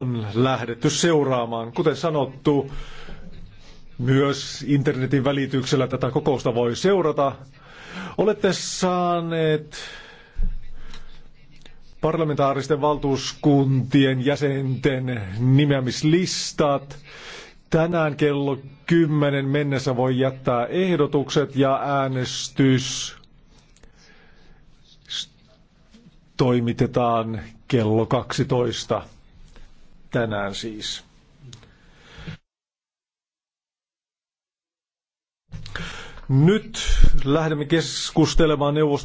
on lähdetty seuraamaan. Kuten sanottu, myös internetin välityksellä tätä kokousta voi seurata. Olette saaneet parlamentaaristen valtuuskuntien jäsenten nimeämislistat. Tänään kello 10 mennessä voi jättää ehdotukset ja äänestys toimitetaan kello 12 tänään siis. Nyt lähdemme keskustelemaan neuvoston